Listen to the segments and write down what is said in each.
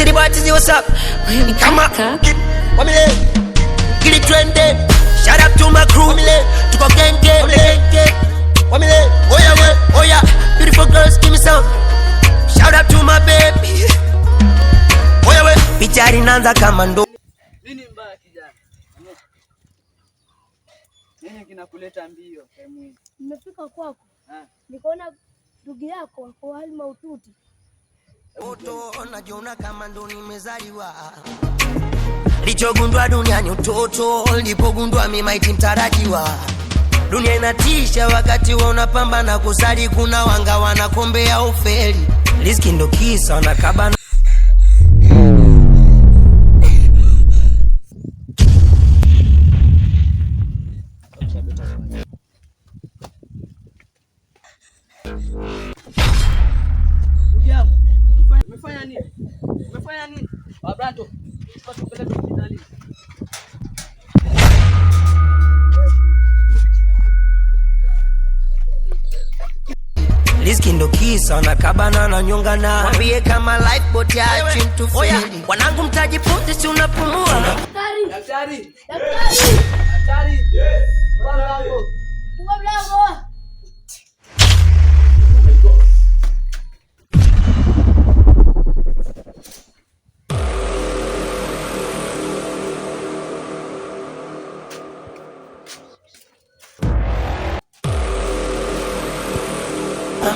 See the boys what's up? Come up on, get it trended. Shout out to my crew, To go gang gang tuko genge. oh yeah beautiful girls, give me some. Shout out to my baby. Oya, we picha inaanza kama ndo. Nini mbaya kijana? Nini kinakuleta mbio? Nimefika kwako. Nikaona ndugu yako kwa hali mahututi Moto najiona kama ndo nimezaliwa. Lichogundua duniani utoto, lipogundua mtarajiwa. Dunia inatisha wakati wa unapamba na kusali, kuna wanga wanakombea ufeli, riski ndo kisa wanakabana riski ndo kisa na kabana na na mwambie kama lifeboat ya chini mtu fundi. Wanangu mtaji punzi, si unapumua daktari, daktari, daktari, yes mlango, mlango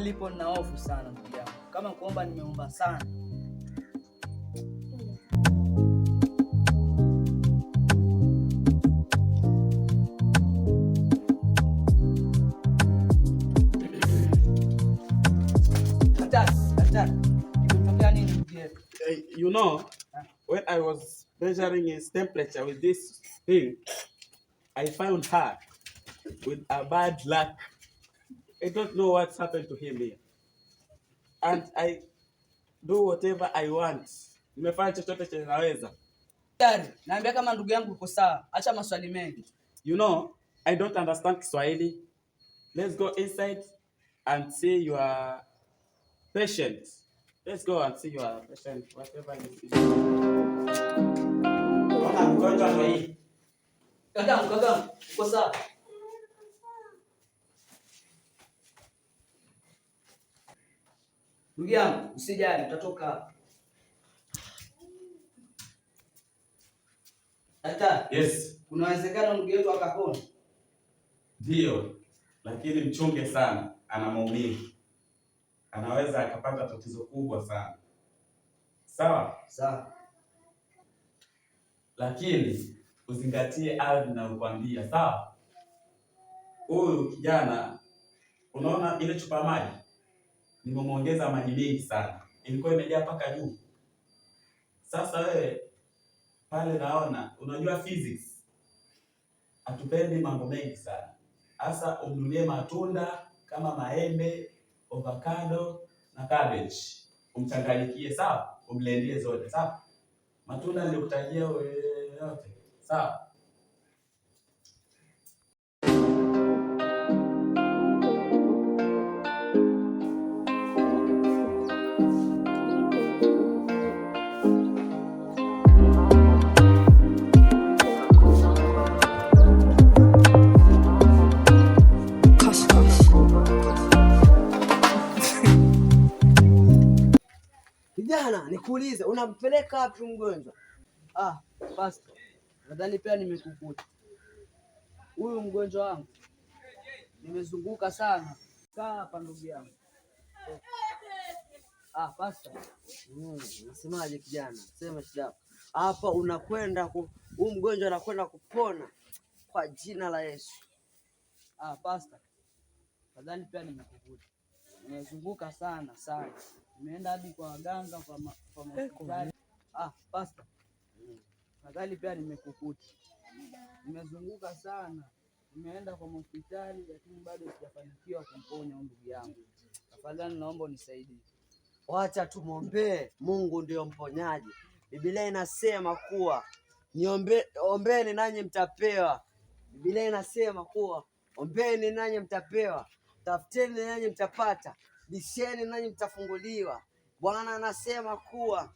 nilipo nina hofu sana ndugu yangu, kama kuomba nimeomba sana. You know, ah. when I was measuring his temperature with this thing, I found her with a bad luck. I don't know what's happened to him here. And I do whatever I want. Nimefanya chochote chenye naweza. Naambia kama ndugu yangu uko sawa, acha maswali mengi. You know, I don't understand Kiswahili. Let's go inside and see your patient. Let's go and see your patient, whatever you see. Kaka, kaka, uko sawa? Ndugu yangu usijali, utatoka hata. Yes, kuna uwezekano ndugu yetu akapona. Ndio, lakini mchunge sana, ana maumivu, anaweza akapata tatizo kubwa sana. Sawa sawa, lakini uzingatie ardhi inayokwambia. Sawa, huyu kijana, unaona ile chupa maji nimemwongeza maji mengi sana, ilikuwa imejaa mpaka juu. Sasa wewe pale naona, unajua physics hatupendi mambo mengi sana, hasa umnunie matunda kama maembe, avocado na cabbage, umchanganyikie sawa, umlendie zote sawa, matunda nilikutajia yote sawa Nikuulize, unampeleka wapi mgonjwa? Ah, pastor, nadhani pia nimekukuta. Huyu mgonjwa wangu nimezunguka sana. Kaa hapa ndugu yangu. Ah, pastor, hmm, nasemaje? Hmm, kijana, sema shida hapa. Unakwenda ku huyu mgonjwa anakwenda kupona kwa jina la Yesu. Ah, pastor, nadhani pia nimekukuta, nimezunguka sana sana umeenda hadi kwa waganga, kwa ma, kwa eh, hospitali. Ah, pasta nadhani pia nimekukuta, nimezunguka sana, nimeenda kwa hospitali, lakini bado sijafanikiwa kumponya ndugu yangu. Tafadhali naomba unisaidie. Wacha tumwombee Mungu, ndio mponyaji. Biblia inasema kuwa niombe, ombeni nanyi mtapewa. Biblia inasema kuwa ombeni nanyi mtapewa, tafuteni nanyi mtapata bisheni nanyi mtafunguliwa. Bwana anasema kuwa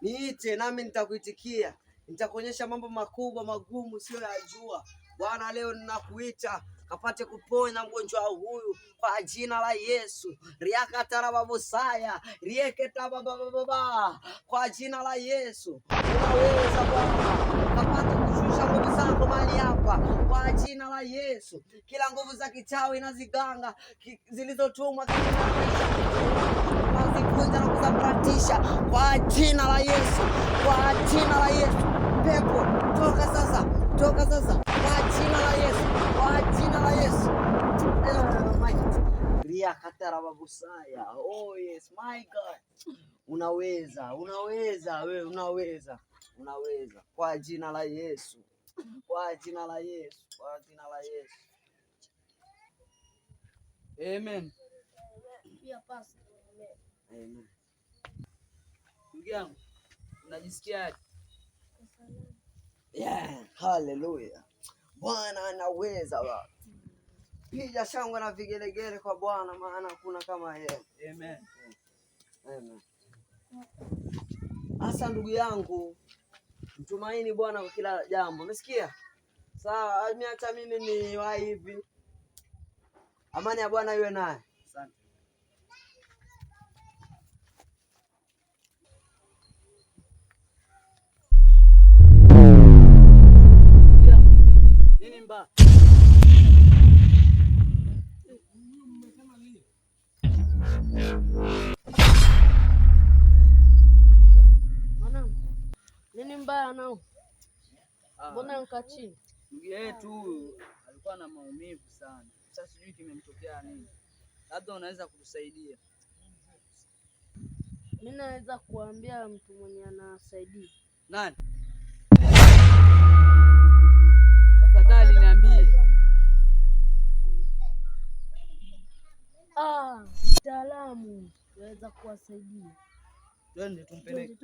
niite nami nitakuitikia, nitakuonyesha mambo makubwa magumu ya jua Bwana leo ninakuita kapate kuponya mgonjwa huyu kwa jina la Yesu. riakatarababosaya rieketababbaba kwa jina la Yesu unaweza Bwana kapate kushusha tuko mahali hapa kwa jina la Yesu. Kila nguvu za kichawi na ziganga zilizotumwa nazikunja na kusambaratisha kwa jina la Yesu, kwa jina la Yesu. Pepo toka sasa, toka sasa kwa jina la Yesu, kwa jina la Yesu. Riakatarababusaya. Oh yes, my God. Unaweza, unaweza, we unaweza, unaweza kwa jina la Yesu kwa jina la Yesu, kwa jina la Yesu. Amen. Amen. Ndugu yangu unajisikiaje? Yeah, haleluya. Bwana anaweza wa. Piga shangwe na vigelegele kwa Bwana maana hakuna kama yeye. Amen. Amen. Asa ndugu yangu mtumaini Bwana kwa kila jambo, umesikia? Sawa, hata mimi ni wa hivi. Amani ya Bwana iwe naye. Asante. Nini mbaya? nao? Ah. Mbona nka chini? Ndugu yetu huyu alikuwa na maumivu sana. Sasa sijui kimemtokea nini, labda unaweza kutusaidia. Mimi naweza kuambia mtu mwenye anasaidia. Nani? Tafadhali niambie. Ah, mtaalamu naweza kuwasaidia. Twende tumpeleke.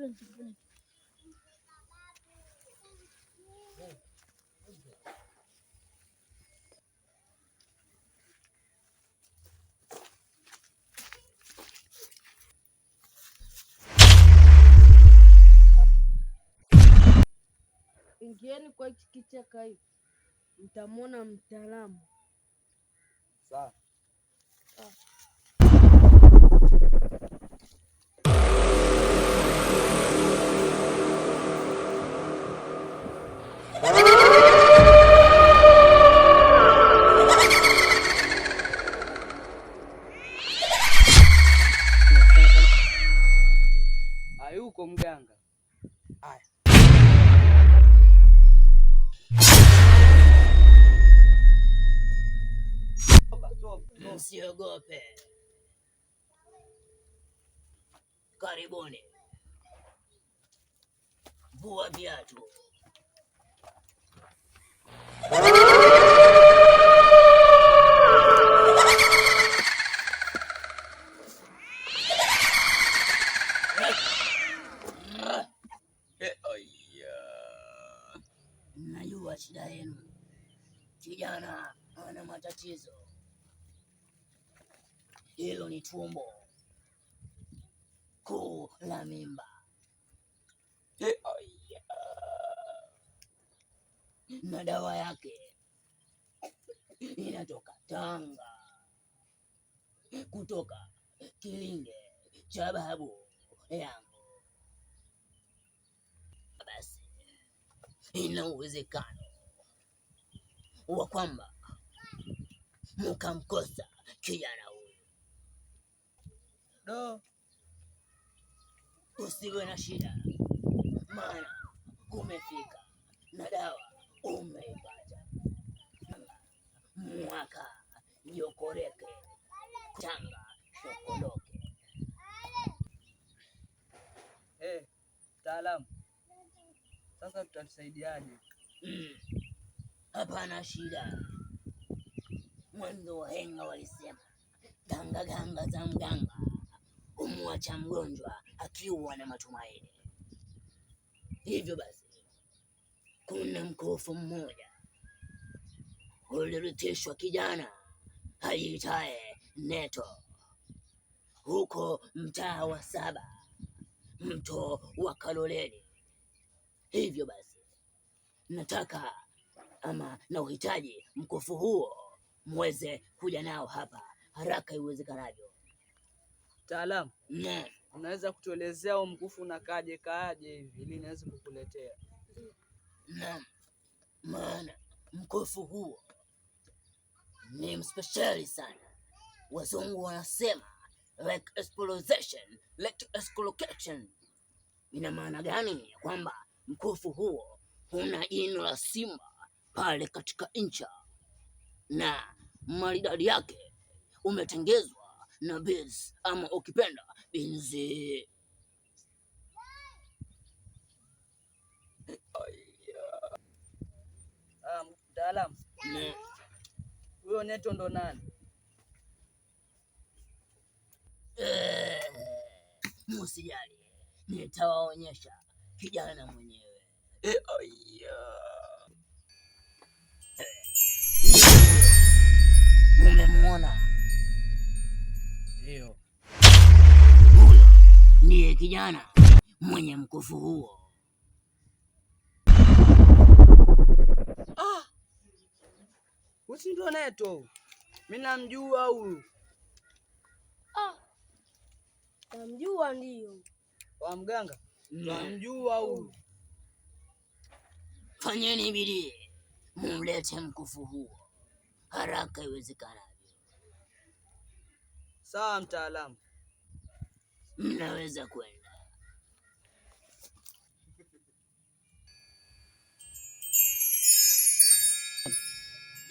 Ingieni kwa hiki kichaka hivi, mtamwona mtaalamu. Sawa. Ah. kwa mganga. Haya. Msiogope. Karibuni. Vua viatu. na dawa yake inatoka Tanga, kutoka kilinge cha babu yangu. Basi ina uwezekano wa kwamba mukamkosa kijana huyu. Do, usiwe na shida, maana kumefika na dawa umeipata mwaka jokoreke changa shokoloke. Hey, eh, mtaalamu, sasa tutatusaidiaje? Hapana shida. Mwanzo wahenga walisema gangaganga za mganga umwacha mgonjwa akiwa na matumaini. Hivyo basi kuna mkufu mmoja ulirithishwa kijana ajiitaye Neto huko mtaa wa saba mto wa Kaloleni. Hivyo basi nataka ama na uhitaji mkufu huo mweze kuja nao hapa haraka iwezekanavyo. Mtaalamu, unaweza kutuelezea mkufu unakaaje kaaje hivi ili naweza kukuletea? Naam, maana mkufu huo ni mspeshali sana. Wazungu wanasema like exploration, like escolocation. Ina maana gani? Kwamba mkufu huo una jino la simba pale katika ncha na maridadi yake umetengezwa na bees ama ukipenda binzi mtaalamu huyo Neto ndo nani? Musijali, eh, nitawaonyesha kijana mwenyewe. Eh, Umemwona? Ndiyo, huyo ndiye kijana mwenye mkufu huo. Usi ndo Neto, mimi namjua huyu. Ah, namjua ndio wa mganga, namjua huyu. Fanyeni bidii mumlete mkufu huo haraka iwezekanavyo. Sawa mtaalamu, mnaweza kwenda.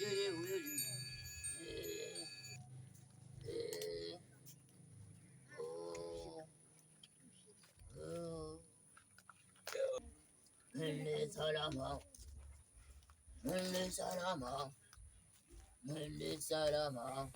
예예 예, 올려주세요. 사람아. 내 사람아. 내 사람아.